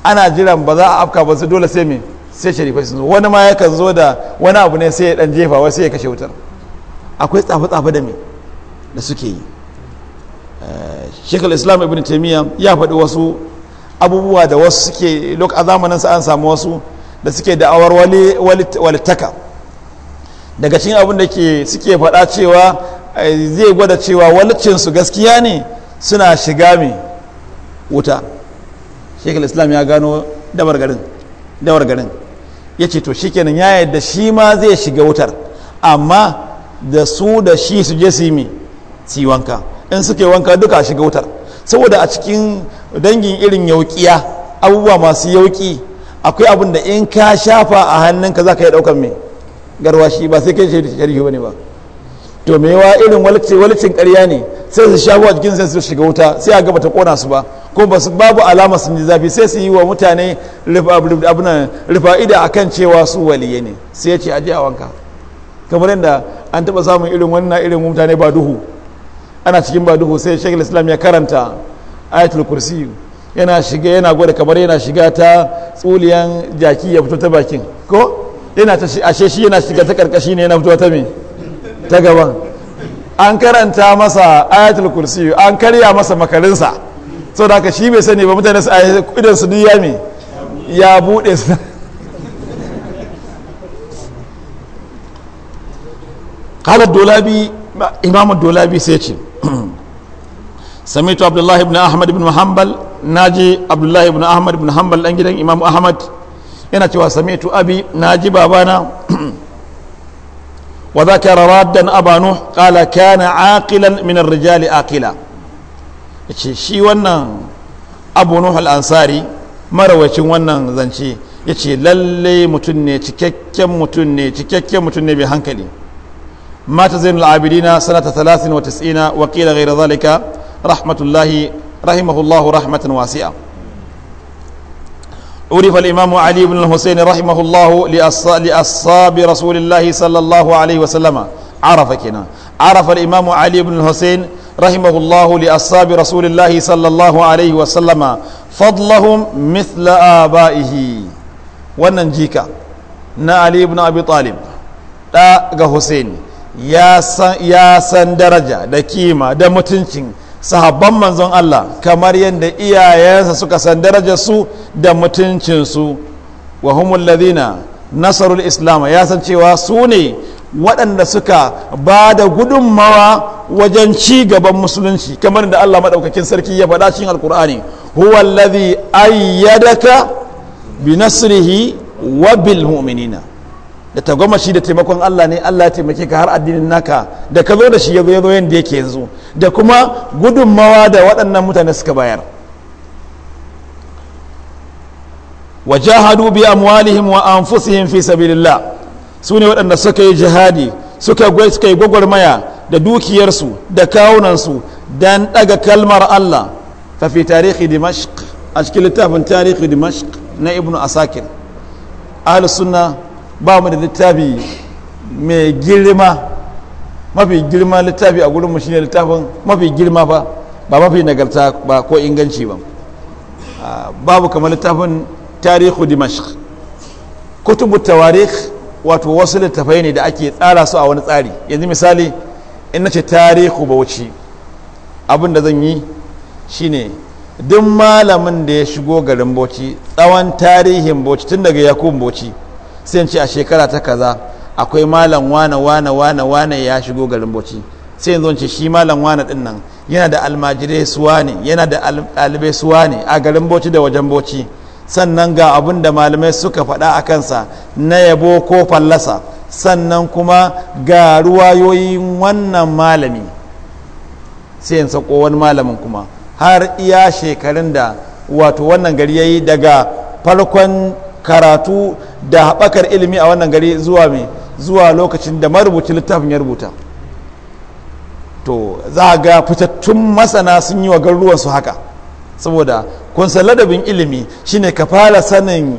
ana jiran ba za a afka ba su dole sai me sai sharifai sun zo wani ma ya kan zo da wani abu ne sai ya dan jefa wai sai ya kashe wutar akwai tsafe-tsafe da mai da suke yi eh, shekul islam ibn taimiyya ya faɗi wasu abubuwa da wasu suke a zamanin sa an samu wasu da suke da awar walittaka daga cikin abin da suke faɗa cewa eh, zai gwada cewa walicinsu gaskiya ne suna shiga mai wuta shekul islam ya gano dabar garin dabar garin ya ce to shikenan ya yadda shi ma zai shiga wutar amma da su da shi su je su yi su wanka in suke yi wanka duka a shiga wutar saboda a cikin dangin irin yaukiya abubuwa masu yauƙi akwai abin da in ka shafa a hannunka za ka yi ɗaukar mai garwashi ba sai kai shi ba ne ba to wa irin walicin karya ne sai su sha ruwa jikin sai su shiga wuta sai a gaba ta kona su ba ko babu alama sun ji zafi sai su yi wa mutane rufa'ida a kan cewa su waliye ne sai ya ce aje a wanka kamar yadda an taba samun irin wannan irin mutane ba duhu ana cikin ba duhu sai shekul islam ya karanta ayatul kursi yana shiga yana gwada kamar yana shiga ta tsuliyan jaki ya fito ta bakin ko yana ta ashe shi yana shiga ta karkashi ne yana fito ta me ta gaban an karanta masa ayatul kursi an karya masa makarinsa sau da aka shi bai sani ba mutane su ayyar idan su duya mai ya buɗe su kalar dolabi imamun dolabi sai ce sami samitu abdullahi ibn ahmad ibn muhammad na ji abdullahi ibn ahmad ibn muhammad dan gidan imamu ahmad yana cewa samitu abi na naji babana وذكر رادا أبا نوح قال كان عاقلا من الرجال عاقلا شي ونن أبو نوح الأنصاري marawacin wannan zance ya ce lalle mutum ne cikakken mutum ne cikakken mutum ne bai hankali mata zai sanata talatin wa wakila wa kila gaira zalika rahmatullahi rahmatan wasi'a عرف الإمام علي بن الحسين رحمه الله لأصحاب رسول الله صلى الله عليه وسلم عرف كنا عرف الإمام علي بن الحسين رحمه الله لأصحاب رسول الله صلى الله عليه وسلم فضلهم مثل آبائه وننجيك نا علي بن أبي طالب دا حسين يا سن درجة دا كيمة دا متنشن sahabban manzon Allah kamar yadda iyayensa suka san darajarsu da mutuncinsu wa humul ladina nasarul islam ya san cewa su ne waɗanda suka ba da gudunmawa wajen ci gaban musulunci kamar da Allah maɗaukakin sarki ya faɗa cikin alkur'ani huwa alladhi ayyadaka bi nasrihi wa bil mu'minina da ta tagomashi da taimakon Allah ne Allah ya taimake ka har addinin naka da ka zo da shi yazo yazo yanda yake yanzu da kuma gudunmawa da waɗannan mutane suka bayar wajahadu bi amwalihim wa anfusihim fi sabilillah su ne waɗanda suka yi jihadi suka yi gwagwarmaya da dukiyarsu da kawunansu don ɗaga kalmar Allah fa fi tarihi dimashq a cikin littafin tarihi dimashq na ibnu asakir ahlus sunna ba mu da littafi mai girma mafi girma littafi a gurinmu shine littafin mafi girma ba ba mafi nagarta ba ko inganci ba ah, babu kamar littafin tarihu dimashq kutubu tawarikh wato wasu littafai ne da ake tsara su a wani tsari yanzu misali in nace tarihu bauchi abin da zan yi shine duk malamin da ya shigo garin bauchi tsawon tarihin bauchi tun daga yakun bauchi sai ce a shekara ta kaza akwai malam wane wane wane wane ya shigo garin bauchi sai yanzu ce shi malam wane din nan yana da almajirai suwa ne yana da ɗalibai suwa ne a garin bauchi da wajen bauchi sannan ga abin da malamai suka faɗa a kansa na yabo ko fallasa sannan kuma ga ruwayoyin wannan malami sai yin sako wani malamin kuma har iya shekarun da wato wannan gari ya yi daga farkon karatu da haɓakar ilimi a wannan gari zuwa mai zuwa lokacin da marubuci littafin ya rubuta to za a ga fitattun masana sun yi wa garuruwansu haka saboda kun san ladabin ilimi shine ka fara sanin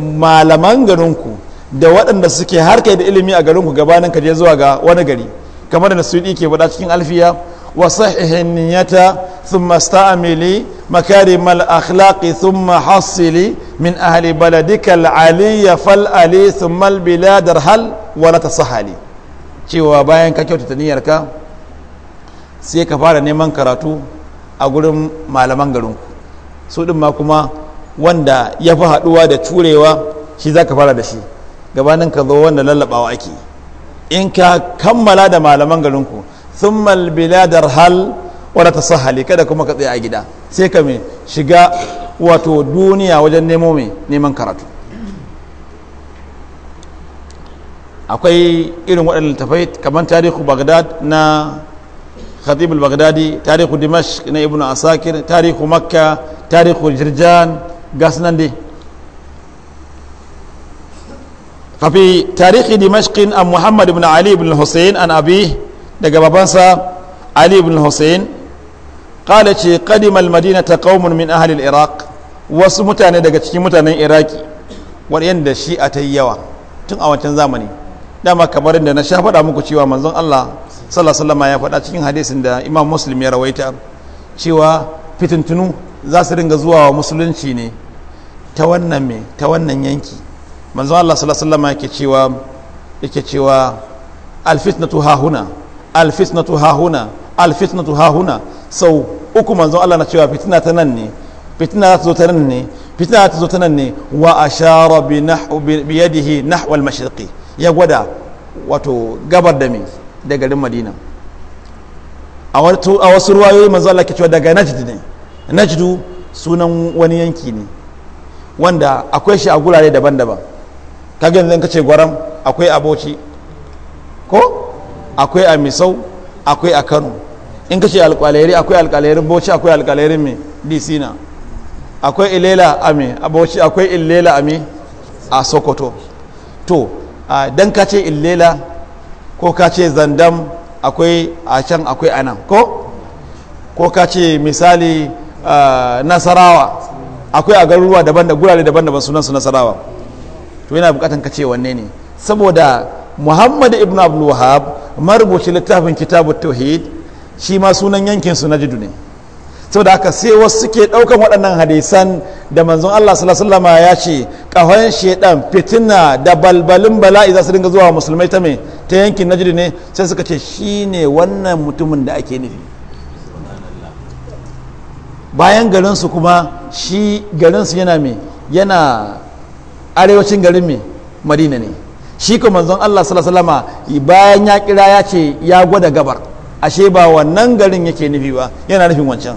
malaman garinku da waɗanda suke harka da ilimi a garinku gabanin ka je zuwa ga wani gari kamar da suɗi ke bada cikin alfiya وصحح النية ثم استعملي مكارم الأخلاق ثم حصلي من أهل بلدك العلي فالألي ثم البلاد ارهل ولا تصحلي cewa bayan ka kyautata niyyarka sai ka fara neman karatu a gurin malaman garinku su ɗin ma kuma wanda ya fi haɗuwa da turewa, shi za ka fara da shi gabanin ka zo wanda lallabawa ake in ka kammala da malaman garinku thumma albiladar hal wadda ta sahali kada kuma ka tsaya a gida sai ka mai shiga wato duniya wajen nemo mai neman karatu akwai irin waɗannan littafai kamar tarihu bagdad na khatibul bagdadi tarihu dimashq na ibnu asakir tarihu makka tarihu jirjan gas nan dai ففي تاريخ دمشق عن محمد بن علي بن الحسين عن أبيه daga babansa ali ibn hussein kala ce kadimal madina ta kaumun min ahalil iraq wasu mutane daga cikin mutanen iraki waɗanda shi a ta yi yawa tun a wancan zamani dama kamar da na sha faɗa muku cewa manzon allah sallallahu ya faɗa cikin hadisin da imam muslim ya rawaita cewa fitintunu za su ringa zuwa wa musulunci ne ta wannan me ta wannan yanki manzon allah sallallahu alaihi yake cewa yake cewa alfitnatu hahuna alfitnatu hahuna alfitnatu hahuna sau uku manzon Allah na cewa fitina ta nan ne fitina za ta zo ta nan ne fitina za ta zo ta nan ne wa ashara bi nahu bi yadihi nahwa al-mashriqi ya gwada wato gabar da me da garin Madina a wasu ruwayoyi manzon Allah ke cewa daga Najd ne Najd sunan wani yanki ne wanda akwai shi a gurare daban-daban kaga yanzu kace gwaram akwai aboci ko akwai a misau akwai a kano in ka ce alƙalairi akwai alƙalairin bauchi akwai alƙalairin mai disina akwai ilela a mai a bauchi akwai ilela a mai a sokoto to don ka ce ilela ko ka ce zandam akwai a can akwai a nan ko ko ka ce misali nasarawa akwai a garuruwa daban da gurare daban daban su nasarawa to yana bukatan ka ce wanne ne saboda muhammad ibn abdul wahab marubuci littafin kitabu tauhid shi ma sunan yankin su najdu ne saboda aka sai wasu suke daukan waɗannan hadisan da manzon Allah sallallahu alaihi ya ce kahon shedan fitina da balbalin bala'i za su dinga zuwa musulmai ta mai ta yankin najdu ne sai suka ce shi ne wannan mutumin da ake nufi bayan garinsu kuma shi garinsu yana mai yana arewacin garin mai madina ne shi ko manzon Allah sallallahu alaihi bayan ya kira ya ce ya gwada gabar ashe ba wannan garin yake nufi ba yana nufin wancan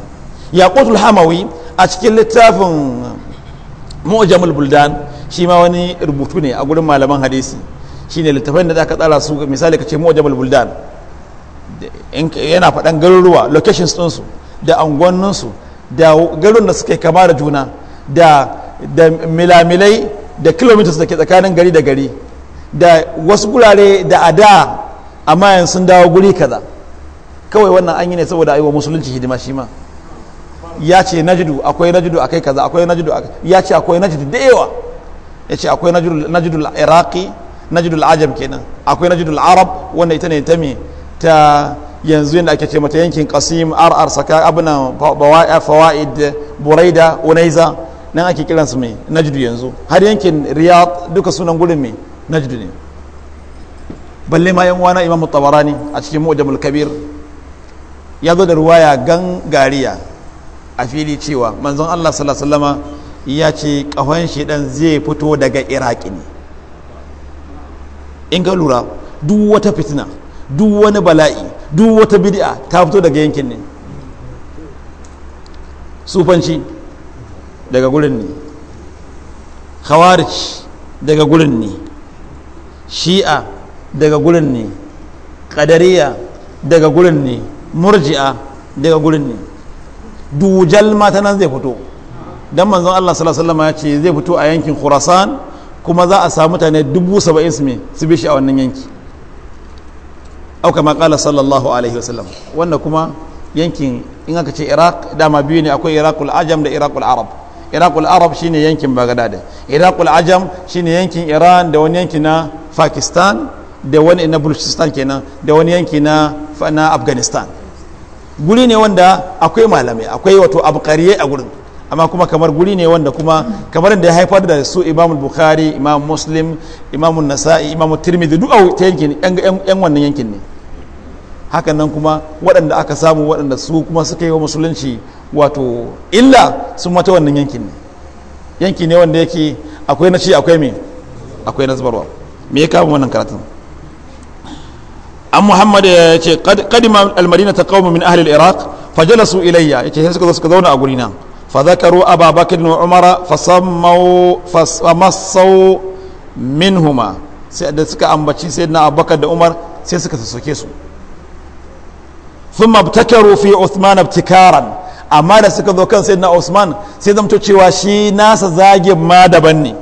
yaqutul hamawi a cikin littafin mu'jamul buldan shi ma wani rubutu ne a gurin malaman hadisi shine littafin da zaka tsara su misali kace mu'jamul buldan yana faɗan garuruwa locations su da su da garin da suke kama da juna da milamilai da kilometers da ke tsakanin gari da gari da wasu gurare da a da amma yanzu sun dawo guri kaza kawai wannan an yi ne saboda aiwa musulunci hidima shi ma ya ce najidu akwai najidu akai kaza akwai najidu ya ce akwai najidu da yawa ya ce akwai najidul iraqi najidul ajam kenan akwai najidul arab wanda ita ne ta me ta yanzu yadda ake ce mata yankin kasim arar saka abuna fawaid buraida unaiza nan ake kiransu mai najidu yanzu har yankin riyad duka sunan gurin mai najd ne balle ma yan wana imam tabarani a cikin mu'jamul kabir ya zo da ruwaya gariya a fili cewa manzon Allah sallallahu alaihi ya ce shi dan zai fito daga iraki ne in ka lura duk wata fitina duk wani bala'i duk wata bid'a ta fito daga yankin ne sufanci daga gurin ne khawarij daga gurin ne shi'a daga gurin ne ƙadariya daga gurin ne murji'a daga gurin ne dujal mata nan zai fito don manzon Allah sallallahu ya ce zai fito a yankin khurasan kuma za a samu mutane dubu saba'in su su shi a wannan yanki au kama kala sallallahu alaihi wasallam wanda kuma yankin in aka ce iraq dama biyu ne akwai iraqul ajam da iraqul arab iraqul arab shine yankin bagdad iraqul ajam shine yankin iran da wani yanki na pakistan da wani na bulchistan kenan da wani yanki na na afghanistan guri ne wanda akwai malamai akwai wato abqariye a gurin amma kuma kamar guri ne wanda kuma kamar da ya haifar da su imam bukhari imam muslim imam nasa'i imam tirmidhi duk a ta yankin yan wannan yankin ne hakan nan kuma waɗanda aka samu waɗanda su kuma suka yi wa musulunci wato illa sun mata wannan yankin ne yanki ne wanda yake akwai na ci akwai me akwai na zubarwa me ya kama wannan karatun an muhammad ya ce kadima almadina ta kawo min ahalil iraq fajalasu ilayya ya ce sai suka suka zauna a gurina فذكروا أبا بكر وعمر فصموا فصمصوا منهما sai da suka ambaci sai na abakar da umar sai suka sassoke su thumma ibtakaru fi Uthman amma da suka zo kan sayyidina Usman sai zamto cewa shi nasa zagin ma daban ne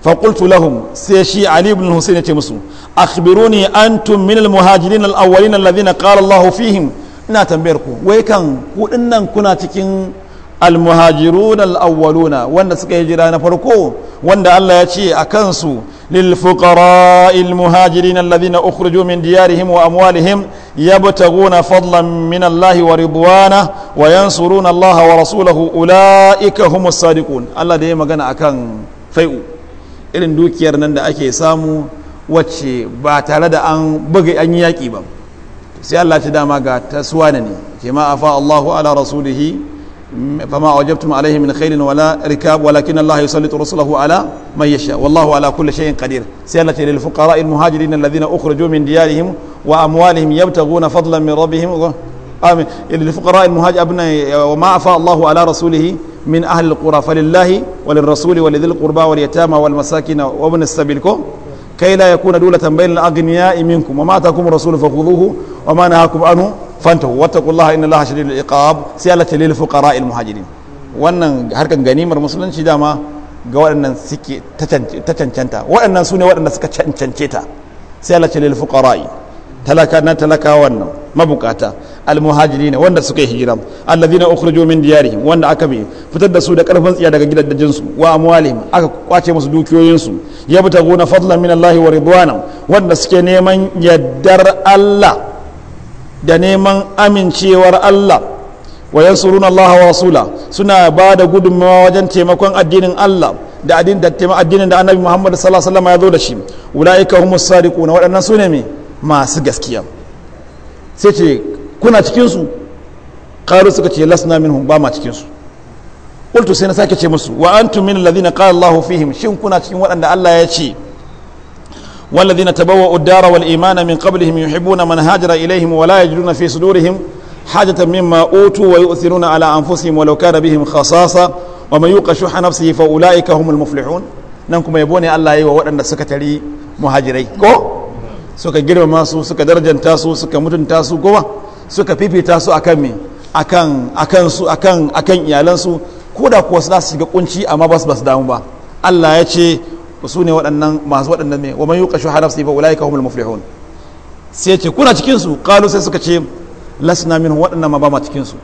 fa qultu lahum sai shi Ali ibn Husayn ya ce musu akhbiruni antum min al-muhajirin al-awwalin alladhina qala Allahu fihim ina tambayar ku wai kan ku dinnan kuna cikin al-muhajirun al-awwaluna wanda suka hijira na farko wanda Allah ya ce a kansu للفقراء المهاجرين الذين أخرجوا من ديارهم وأموالهم يبتغون فضلا من الله ورضوانه وينصرون الله ورسوله أولئك هم الصادقون الله دي مغانا أكان فيئو إلن دوكير نند أكي سامو wacce ba tare da an buga an yaƙi ba sai Allah ci dama ga taswana ne jama'a fa Allahu ala rasulihi فما أوجبتم عليه من خير ولا ركاب ولكن الله يسلط رسله على من يشاء والله على كل شيء قدير سألت للفقراء المهاجرين الذين أخرجوا من ديارهم وأموالهم يبتغون فضلا من ربهم آمين للفقراء المهاجر وما أفاء الله على رسوله من أهل القرى فلله وللرسول ولذي القربى واليتامى والمساكين وابن السبيل kai la yakuna dulatan bainal aghniya'i minkum wa ma atakum rasul fakhuduhu wa ma nahakum anhu fantahu wattaqullaha inna allaha shadidul iqab sai Allah ta lil fuqara'il muhajirin wannan harkan ganimar musulunci dama ga waɗannan suke ta cancanta waɗannan su waɗanda suka talaka na talaka wannan mabukata almuhajirin wanda suka yi hijira alladhina ukhrijo min diyarihim wanda aka bi fitar da su da karfin tsiya daga gidajen su wa amwalihim aka kwace musu dukiyoyin su yabtaguna fadlan min Allah wa ridwana wanda suke neman yaddar Allah da neman amincewar Allah wa yansuruna Allah wa rasula suna ba da gudunmawa wajen taimakon addinin Allah da addinin da annabi Muhammad sallallahu alaihi wasallam ya zo da shi ulaika humus sadiquna waɗannan su ne me masu gaskiya sai ce kuna cikinsu ƙaru suka ce lasna min humbama cikinsu ƙultu sai na sake ce musu wa an tumin lalzina ƙarar allahu fihim shin kuna cikin waɗanda allah ya ce wallazi na tabawa udara wal imana min qablihim yuhibbuna man hajara ilaihim wala yajiduna fi sudurihim hajatan mimma utu wa yu'thiruna ala anfusihim walauka kana bihim khasasa wa man yuqa shuha nafsihi fa ulaika humul muflihun nan kuma ya ne Allah yayi wa waɗanda suka tari muhajirai ko suka girmama su suka darjanta su suka mutunta su goma suka fifita su akan me akan akan su akan akan iyalansu ko da kuwa za su shiga kunci amma ba su ba su damu ba Allah ya ce su ne waɗannan masu waɗannan me wa man yuqashu shuha nafsi fa ulaika humul muflihun sai ce kuna cikin su qalu sai suka ce lasna min waɗannan ma ba ma cikin su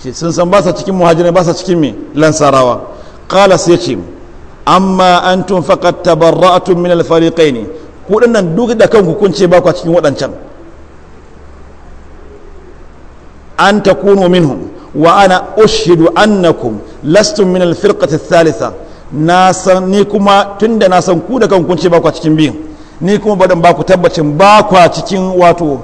ce sun san ba sa cikin muhajirai ba sa cikin me lansarawa qala sai ce amma antum faqad tabarra'tum min al fariqayn ku dinnan duk da kanku kun ce ba ku cikin waɗancan an takunu minhum wa ana ushidu annakum lastum min alfirqati thalitha na san ni kuma tunda na san ku da kan kun ce ba cikin biyu ni kuma badan baku ku tabbacin ba ku cikin wato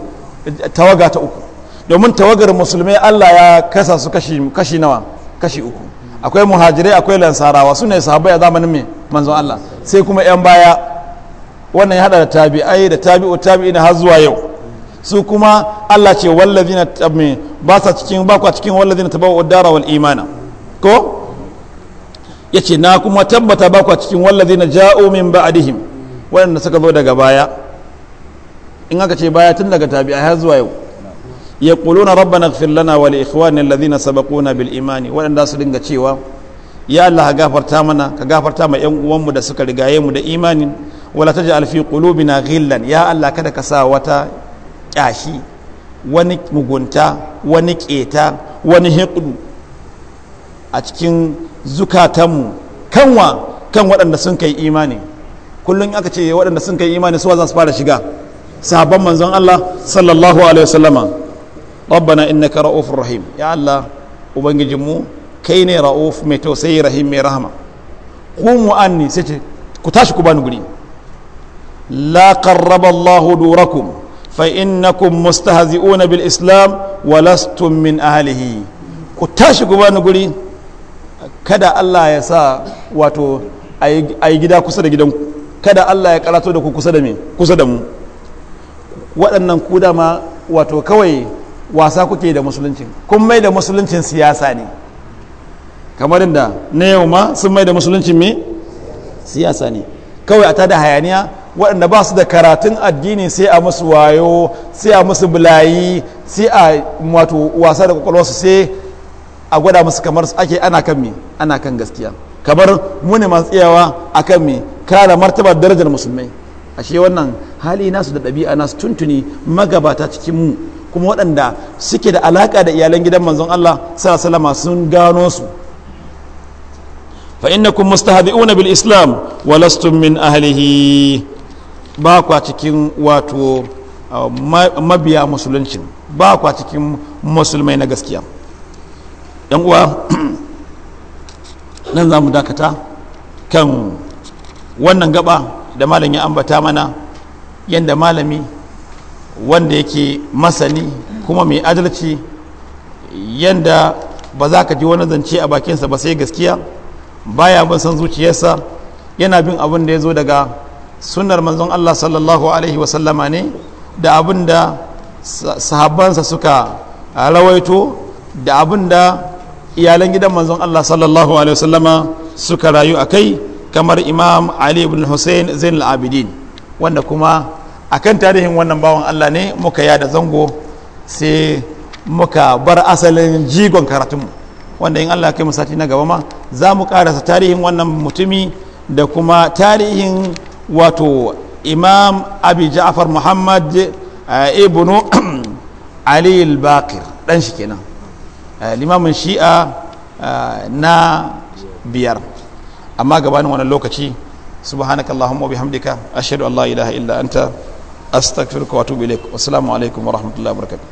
tawaga ta uku domin tawagar musulmai Allah ya kasa su kashi nawa kashi uku akwai muhajirai akwai lansarawa su ne sahabbai a zamanin mai manzon Allah sai kuma yan baya wannan ya hada da tabi'ai da tabi'u tabi'ina har zuwa yau su kuma Allah ce wallazina tabi ba sa cikin ba kwa cikin wallazina tabawu dara wal imana ko yace na kuma tabbata ba kwa cikin wallazina ja'u min ba'adihim waɗanda suka zo daga baya in aka ce baya tun daga tabi'a har zuwa yau yaquluna rabbana na filana wa li ikhwanina alladhina sabaquna bil imani waɗanda su dinga cewa ya Allah ka gafarta mana ka gafarta ma yan uwanmu da suka rigaye mu da imanin wala taj'al fi qulubina ghillan ya Allah kada ka sa wata ƙyashi wani mugunta wani ƙeta wani hikudu a cikin zukatanmu kanwa kan waɗanda sun kai imani kullum aka ce waɗanda sun kai imani suwa za su fara shiga sahabban manzon Allah sallallahu alaihi wasallama rabbana innaka ra'ufur rahim ya Allah ubangijinmu kai ne ra'uf mai tausayi rahim mai rahama ku mu'anni sai ku tashi ku bani guri la qarraba Allah durakum bil فإنكم مستهزئون بالإسلام ولستم من أهله كتاش قبان guri kada Allah ya sa wato a yi gida kusa da gidanku kada Allah ya karato da ku kusa da mu waɗannan ku dama wato kawai wasa kuke da musuluncin kun mai da musuluncin siyasa ne kamar da na yau ma sun mai da musuluncin me siyasa ne kawai a tada hayaniya waɗanda ba su da karatun addini sai a musu wayo sai a musu bulayi sai a wato wasa da kwakwalwarsu sai a gwada musu kamar su ake ana kan me ana kan gaskiya kamar muni masu tsayawa a kan me kara martaba darajar musulmai ashe wannan hali nasu da ɗabi'a nasu tuntuni magabata cikin mu kuma waɗanda suke da alaƙa da iyalan gidan manzon Allah sallallahu sun gano su fa innakum mustahabi'una bil islam wa min ahlihi ba kwa cikin wato uh, mabiya musuluncin ba kwa cikin musulmai na gaskiya yan uwa nan za mu dakata kan wannan gaba da malam ya ambata mana yadda malami wanda yake masani kuma mai adalci yadda ba za ka ji wani zance a bakinsa ba sai gaskiya baya bin san zuciyarsa yana bin abin da ya zo daga sunnar manzon Allah sallallahu alaihi wasallama ne da abin da sahabbansa suka rawaito da abin da iyalan gidan manzon Allah sallallahu alaihi wasallama suka rayu a kai kamar imam Ali ibn Hussein Zain al-Abidin wanda kuma a kan tarihin wannan bawan Allah ne muka yada zango sai muka bar asalin jigon karatunmu wanda in Allah kai mu sati na gaba ma za mu karasa tarihin wannan mutumi da kuma tarihin wato imam abi ja'far muhammad ibnu ali al-baqir dan shi kenan limamin shi'a na biyar amma gabanin wannan lokaci subhanakallahumma bihamdika ashhadu an la ilaha illa anta astaghfiruka wa atubu ilaik assalamu alaikum wa rahmatullahi wa barakatuh